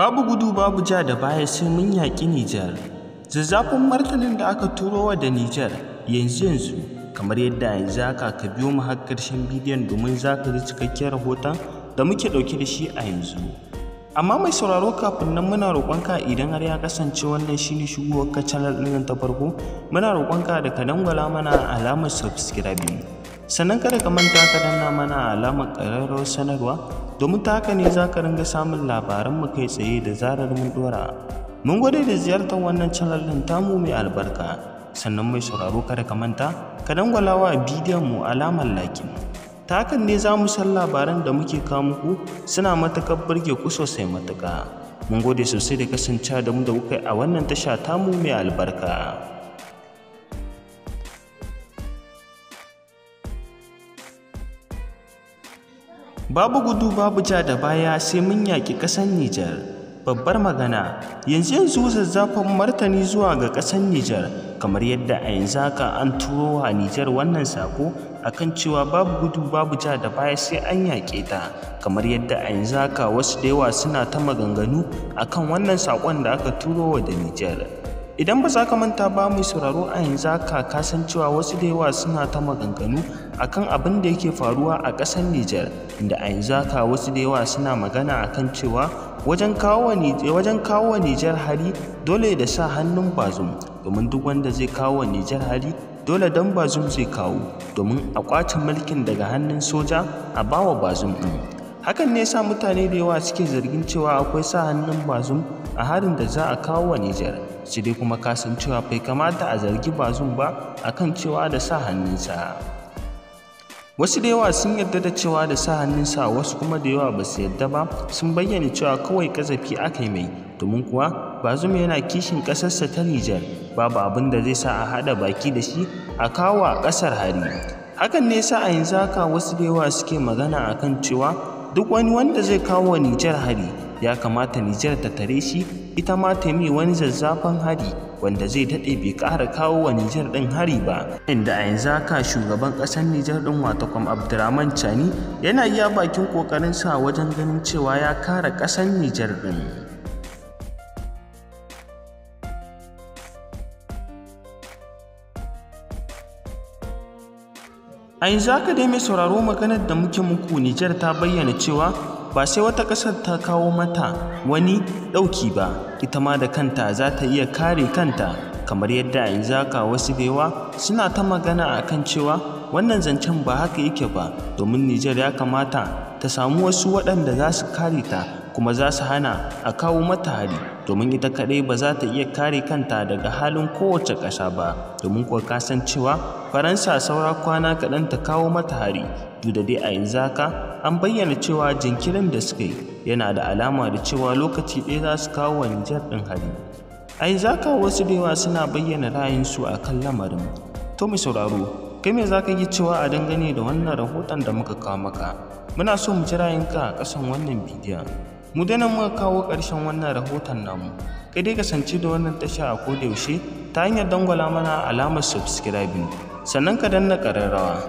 babu gudu babu ja da baya sai mun yaƙi Nijar. Zazzafin martanin da aka turo wa da Nijar yanzu yanzu kamar yadda yanzu aka ka biyo mu har ƙarshen bidiyon domin za ka ji cikakken rahoton da muke ɗauke da shi a yanzu. Amma mai sauraro kafin nan muna roƙonka idan har ya kasance wannan shine shigowar ka canal ɗin ta farko muna roƙonka da ka dangwala mana alamar subscribing. Sannan kada ka manta ka danna mana alamar ƙararrawar sanarwa domin ta haka ne za ka ringa samun labaranmu kai tsaye da zarar mun dora mun gode da ziyartar wannan channel din tamu mai albarka sannan mai sauraro kada ka manta ka dangwala wa bidiyon mu alamar lakin ta hakan ne za mu san labaran da muke kawo muku suna matuƙar burge ku sosai matuka mun gode sosai da kasancewa da mu da kuka a wannan tasha tamu mai albarka babu gudu babu ja da baya sai mun yaƙi ƙasar Nijar. Babbar magana, yanzu yanzu zazzafan martani zuwa ga ƙasar Nijar, kamar yadda a yanzu haka an turo wa Nijar wannan sako akan cewa babu gudu babu ja da baya sai an yaƙe ta, kamar yadda a yanzu haka wasu da yawa suna ta maganganu akan wannan sakon da aka turo wa da Nijar. Idan ba za ka manta ba mai sauraro a yanzu haka ka san cewa wasu da yawa suna ta maganganu akan abin da yake faruwa a ƙasar Nijar inda a yanzu haka wasu da yawa suna magana akan cewa wajen kawo wa Nijar hari dole da sa hannun bazum domin duk wanda zai kawo wa Nijar hari dole don bazum zai kawo domin a kwace mulkin daga hannun soja a bawa bazum hakan ne sa mutane da yawa suke zargin cewa akwai sa hannun bazum a harin da za a kawo wa nijar su dai kuma kasan cewa bai kamata a zargi bazum ba akan cewa da sa hannunsa wasu da yawa sun yarda da cewa da sa hannunsa wasu kuma da yawa ba su yarda ba sun bayyana cewa kawai kazafi aka yi mai domin kuwa bazum yana kishin ƙasarsa ta nijar babu abin da zai sa a haɗa baki da shi a kawo a ƙasar hari hakan ne sa a yanzu haka wasu da yawa suke magana akan cewa duk wani wanda zai kawo wa Nijar hari ya kamata Nijar ta tare shi ita ma ta mi wani zazzafan hari wanda zai daɗe bai ƙara kawo wa Nijar ɗin hari ba inda a yanzu haka shugaban ƙasar Nijar ɗin watakwam Abdurrahman Chani yana iya bakin sa wajen ganin cewa ya kare ƙasar Nijar ɗin. A yanzu haka dai mai sauraro maganar da muke muku Nijar ta bayyana cewa ba sai wata ƙasar ta kawo mata wani ɗauki ba, ita ma da kanta za ta iya kare kanta kamar yadda a yanzu haka wasu da suna ta magana a kan cewa wannan zancen ba haka yake ba domin Nijar ya kamata ta samu wasu waɗanda za su kare ta kuma za su hana a kawo mata hari domin ita kaɗai ba za ta iya kare kanta daga halin kowace ƙasa ba domin kuwa kasan cewa faransa saura kwana kaɗan ta kawo mata hari duk da dai a yanzu haka an bayyana cewa jinkirin da suka yi yana da alama da cewa lokaci ɗaya za su kawo wa nijar ɗin hari yanzu zaka wasu da yawa suna bayyana ra'ayinsu a kan lamarin to mu sauraro kai me za ka yi cewa a dangane da wannan rahoton da muka kawo maka muna so mu ji ra'ayinka a ƙasan wannan bidiyon mu dai nan muka kawo ƙarshen wannan rahoton namu kai dai kasance da wannan tasha a kodayaushe ta hanyar dangwala mana alamar subscribing sannan ka danna ƙararrawa